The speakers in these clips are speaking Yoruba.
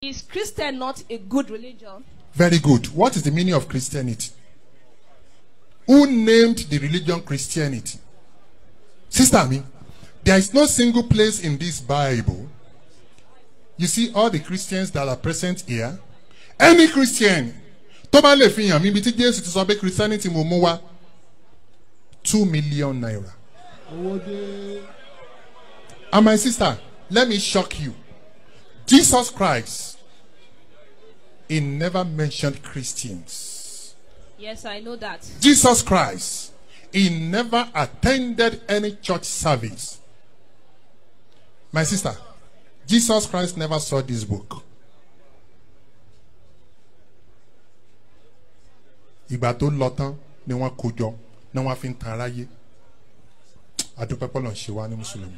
Is Christian not a good religion? Very good. What is the meaning of Christianity? Who named the religion Christianity? Sister me, there is no single place in this Bible. You see all the Christians that are present here. Any Christian tó bá lè fi hàn mí ibi Christianity mo mú two million naira. And my sister, let me shock you. Jesus Christ, he never mentioned Christians. Yes, I know that. Jesus Christ, he never attended any church service. My sister, Jesus Christ never saw this book. Ìgbà tó lọ tán ni wọ́n kó ni wọ́n fi ń tan aráyé. Adúpẹ́pọ́ lọ́n ṣe wá ní Mùsùlùmí.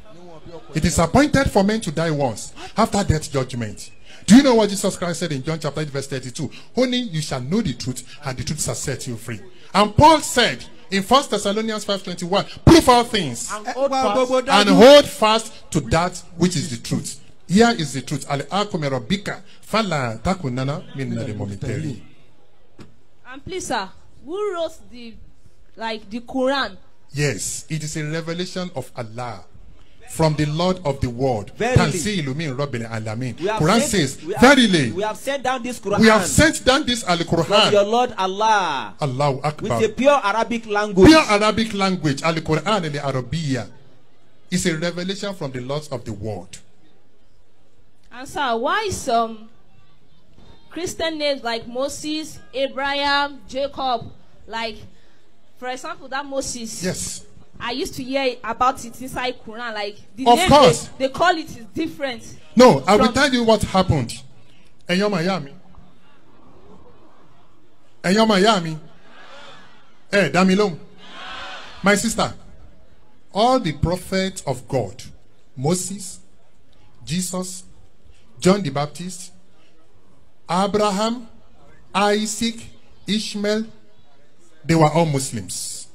It is appointed for men to die once. After death, judgment. Do you know what Jesus Christ said in John chapter 8, verse 32? Only you shall know the truth, and the truth shall set you free. And Paul said in 1 Thessalonians 5:21, prove all things and hold, and hold fast to that which is the truth. Here is the truth. And please, sir, who wrote the like the Quran? Yes, it is a revelation of Allah from the Lord of the world. Verily, Quran says, Verily, we have sent down this Quran. We have sent down this Al Quran your Lord Allah. Allahu Akbar. With a pure Arabic language. Pure Arabic language. Al Quran the Arabia, is a revelation from the Lord of the world. And sir, why some Christian names like Moses, Abraham, Jacob, like, for example, that Moses? Yes. I used to hear about it inside Quran. Like the of name course. They, they, call it is different. No, I will tell you what happened. Ẹ̀yọ́ Miami. Ẹ̀yọ́ Miami. Ẹ dá mi lóhùn. My sister, all the prophets of God, Moses, Jesus, John the Baptist, Abraham, Isaac, Ishmael, they were all Muslims.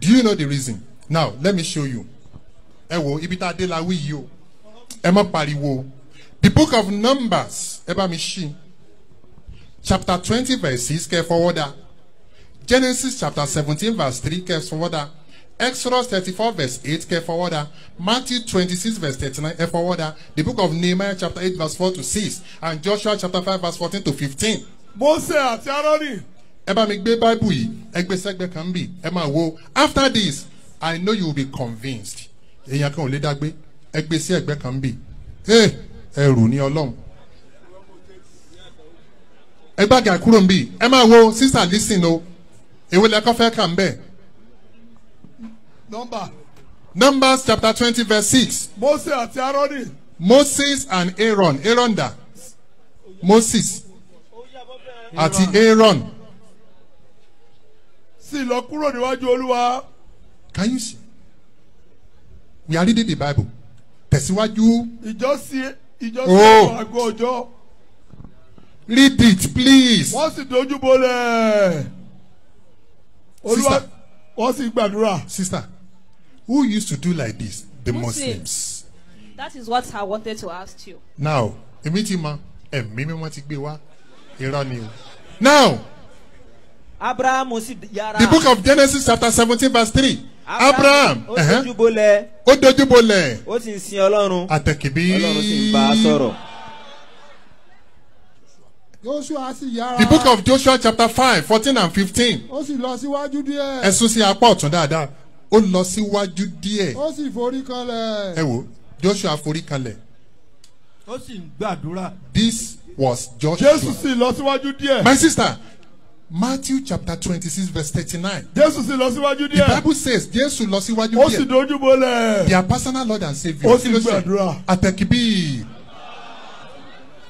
Do you know the reason? now let me show you ẹ wo ibi tá a dé la wí yìí o ẹ má pariwo the book of numbers ẹ bá mi ṣí chapter twenty verse six kẹ́ fọwọ́ dá genesis chapter seventeen verse three kẹ́ fọwọ́ dá exodus thirty-four verse eight kẹ́ fọwọ́ dá matthew twenty-six verse thirty-nine ẹ fọwọ́ dá the book of nehemiah chapter eight verse four to six and joshua chapter five verse fourteen to fifteen. mose àti aaroni. ẹ bá mi gbé báíbù yìí ẹ gbé kan bì ẹ máa wo after this I know you will be convinced. Èèyàn kan ò lè dágbé ẹ gbé sí ẹ̀gbẹ́ kan bì ẹrù ní Ọlọ́run. Ẹ gbàgà kúrò nbí ẹ máa wo sísà lísìn o èwe lẹ́kọ́ fẹ́ kà ń bẹ̀. Nọ́mbà. Numbers chapter twenty verse six. Moses àti Aaron. Moses and Aaron Aaron da. Moses àti Aaron. Sì lọ kúrò níwájú Olúwa. Can you see? We are reading the Bible. Tẹ̀síwájú. Ìjọ́sí ìjọ́sí oh. àgọ́ ọjọ́. Read it please. Wọ́n sì dojú bolẹ̀. Olúwa wọ́n sì gbàdúrà. Sister, who used to do like this? The Muslims. That is what I wanted to ask you. Now, èmi ti mọ ẹ̀mí mímọ́ ti gbé wá irọ́ ni o. Now. Abrahamu sì yára. The book of Genesis chapter seventeen verse three abraham ó dojúbolẹ̀ ó dojúbolẹ̀ ó sì ń sin ọlọ́run àtẹ̀kìbí The book of Joshua chapter five fourteen and fifteen. Ó sì lọ síwájú díẹ̀. Ẹ sí apá ọ̀tún dáadáa. Ó lọ síwájú díẹ̀. Ó sì forí kanlẹ̀. Ẹ wo Joshua forí kanlẹ̀. Ó sì ń gbàdúrà. This was Joshua. Jésù sì lọ síwájú díẹ̀. My sister Matthew chapter twenty-six verse thirty-nine. Jésù sì lọ síwájú díẹ̀. The Bible says Jésù lọ síwájú díẹ̀. Ó sì dojú bolẹ̀. Their personal Lord and Saviour. Ó sì gbàdúrà. Àtẹ̀kíbí.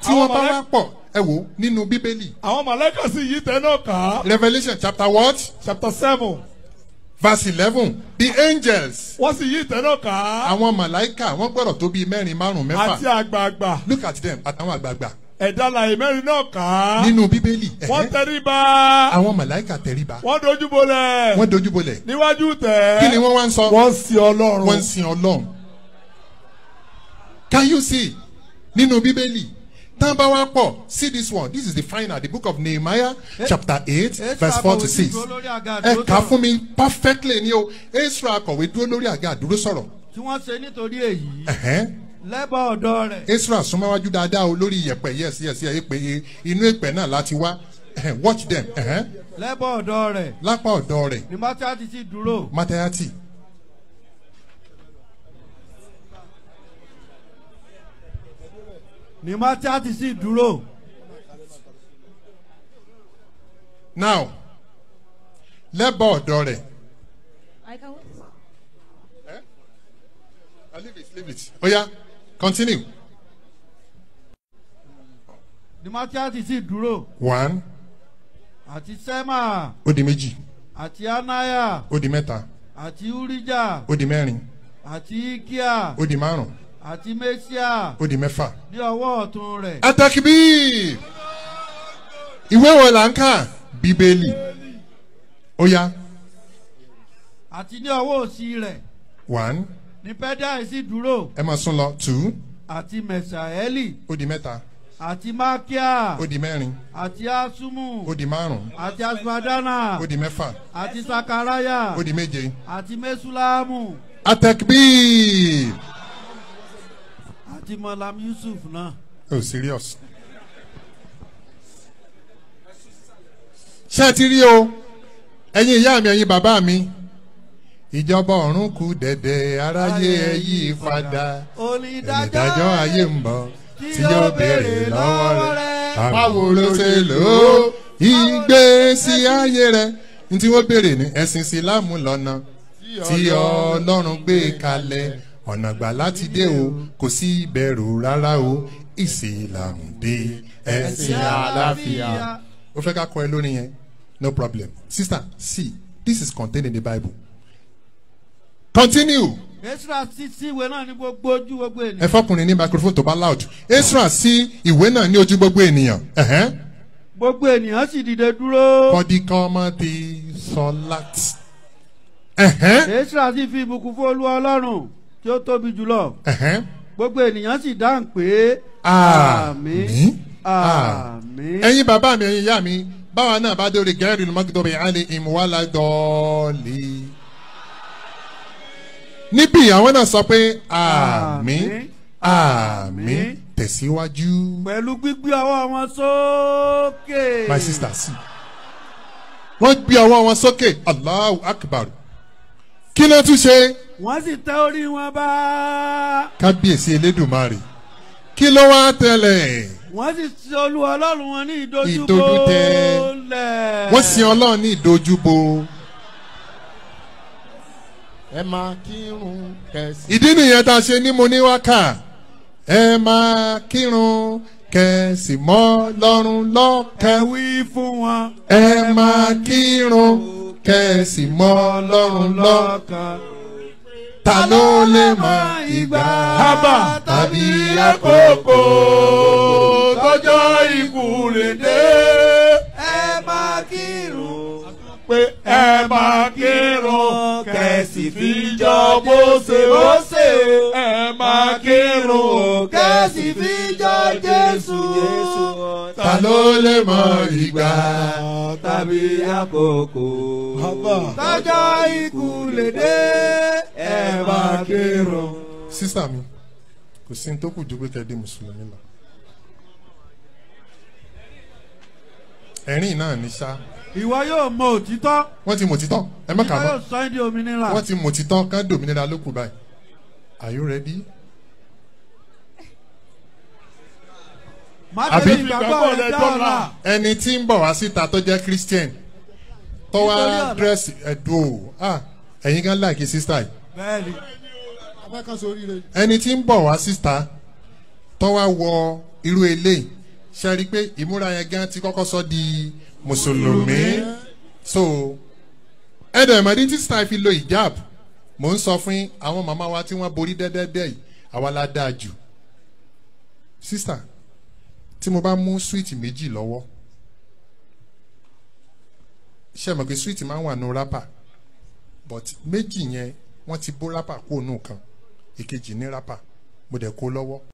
Tí wọ́n bá wá pọ̀ ẹ wò nínú Bíbélì. Àwọn màlẹ́kà sì yí tẹ náà ká. Revelation chapter what? Chapter seven. Verse eleven the angels. wọ́n sì yí ìtẹ́nà ká. àwọn màláìka wọ́n gbọ́dọ̀ tó bíi mẹ́rin márùn-ún mẹ́fà. àti àgbààgbà. look at them àtàwọn àgbààgbà ẹ̀dá làyè mẹ́rin náà kà á. nínú bíbélì. wọ́n tẹríba. àwọn màláìka tẹríba. wọ́n dojúbolẹ̀. wọ́n dojúbolẹ̀. níwájú tẹ̀. kí ni wọ́n wá ń sọ. wọ́n sin ọlọ́run. wọ́n sin ọlọ́run. can you see nínú bíbélì tán bá wá pọ̀ see this one this is the final the book of Nehemiah eh, chapter eight eh, verse four to six ẹ kà fún mi perfectly ni o Ezra akọ̀wé dúró lórí àga àdúró sọ̀rọ̀. tí wọ́n ṣe nítorí èyí lẹ́bàá ọ̀dọ́ rẹ̀. Esra súnmọ́ wájú dáadáa o lórí ìyẹ̀pẹ̀ yẹ̀ sí ẹ̀sí ẹ̀yẹ́ pé inú ìpẹ́ náà láti wá watch them. lẹ́bàá ọ̀dọ́ rẹ̀. lápá ọ̀dọ́ rẹ̀. ni Matayati ti dúró. Matayati. ni Matayati sì dúró. now lẹ́bàá ọ̀dọ́ rẹ̀. I can wait. Eh? I leave it, leave it. Oya. Oh, yeah. Continue. The is sì duro. One. Àti Sẹ́mà. Ó di méjì. Àti Anaya. Ó di mẹ́ta. Àti Urija. Ó di mẹ́rin. Àti Ikia. Ó di márùn. Àti Mesia. Ó di mẹ́fà. Ní ọwọ́ ọ̀tún rẹ̀. Atakibir. Ìwé wo là ń kà? Bíbélì. Ó yá. Àti ní ọwọ́ òsì rẹ̀. One ní pẹ́dà sì dúró. ẹ máa sún lọ two. àti mẹ̀sàẹ́lì. Odi di mẹ́ta. àti mákíà. ó di mẹ́rin. àti asumu. Odi di márùn. àti asumadana. ó di mẹ́fà. àti sakaraya. Odi di méje. àti mesulamu. atakbir. àti malam yusuf náà. oh serious. ṣé ẹ ti rí o ẹ̀yin ìyá mi ẹ̀yin bàbá mi ìjọba ọ̀run kù dẹ̀dẹ̀ aráyé ẹ yí padà onídàájọ́ ayé ń bọ̀ tí yóò béèrè lọ́wọ́ rẹ báwo ló ṣe lò ó ìgbésí ayé rẹ tí wọ́n béèrè ní ẹ̀sìn síláàmù lọ́nà tí ọlọ́run gbé kalẹ̀ ọ̀nà gbà láti dé o kò sí ìbẹ̀rù rárá o ìsìláàmù dé ẹ̀sìn àlàáfíà. o fẹ́ ká kọ ẹ lórí yẹn no problem sister see this is contained in the bible. continue. Esra sí sí ìwé náà ní gbogbo ojú gbogbo ènìyàn. Ẹ fọkùnrin ní microphone tó bá loud. Esra sí ìwé náà ní ojú gbogbo ènìyàn. Gbogbo ènìyàn sì dìde dúró. Kọ́díkọ́ ọmọ ti sọ láti. Esra sì fi ìbùkún fún Olúwa Ọlọ́run tí ó tóbi jùlọ. Gbogbo ènìyàn sì dáhùn pé. Àmín. Àmín. Ẹ̀yin bàbá mi, ẹ̀yin ìyá mi, báwa náà bá dórí gẹ́rì lùmọ́gídọ́bì àlè ìmúwáládọ́ọ̀lì. níbí àwọn náà sọ pé àmín àmín tẹ̀síwájú. pẹ̀lú gbígbé ọwọ́ wọn sókè. my sister sí wọ́n gbé ọwọ́ wọn sókè Allahu Akbar kí ló tún ṣe. wọ́n sì tẹ orí wọn bá. kábíyèsí elédùnmarè kí ló wá tẹ̀lé. wọ́n sì sin olú ọlọ́run wọn ní ìdojúbo lẹ̀. wọ́n sin ọlọ́run ní ìdojúbo ẹ máa kírun kẹsì. ìdí nìyẹn tá a ṣe ní mo ní wákà ẹ máa kírun kẹsì mọ́ lọ́rùn lọ́kàn. ẹ wí fún wọn. ẹ máa kírun kẹsì mọ́ lọ́rùn lọ́kàn. ta ló lè mọ ìgbà tàbí àkókò tọ́jọ́ ikú lè dé pé ẹ máa kírun kẹ̀sì fi jọ Mósè Mósè ẹ máa kírun kẹ̀sì fi jọ Jésù ta ló lè mọ ìgbà tàbí àkókò tọ́jọ́ ikú lè dé ẹ máa kírun. sísá mi kò sí ní tó kù ju pé di mùsùlùmí lọ ẹ̀rín náà ní sá ìwọ yóò mọ òtítọ́. wọ́n ti mọ òtítọ́ ẹ má kà mọ́. ìwọ yóò sọ ẹ́ di òmìnira. wọ́n ti mọ òtítọ́ ká dòmìnira lókun báyìí. are you ready? àbí ẹni tí ń bọ̀ wá síta tó jẹ́ christian tó wá dírẹ́sì ẹ̀dùn o ah, ẹ̀yin gan láàkì sísá yìí. bẹ́ẹ̀ni abẹ́kan sórí rẹ. ẹni tí ń bọ̀ wá síta tó wá wọ irú eléyìí ṣe rí i pé ìmúra yẹn gan ti kọ́kọ́ sọ di mùsùlùmí so ẹ̀dẹ̀ ìmọ̀dé tí sísan fi lo hijab mò ń sọ fún àwọn màmá wa tí wọ́n borí dẹ́dẹ́dẹ́ yìí àwa la dáa jù sísà tí mo bá mú súwìtì méjì lọ́wọ́ ṣe mọ̀ pé súwìtì máa ń wà nù rápà but méjì yẹn wọ́n ti bó rápà kó nù kan èkejì ní rápà mo dẹ̀ kó lọ́wọ́.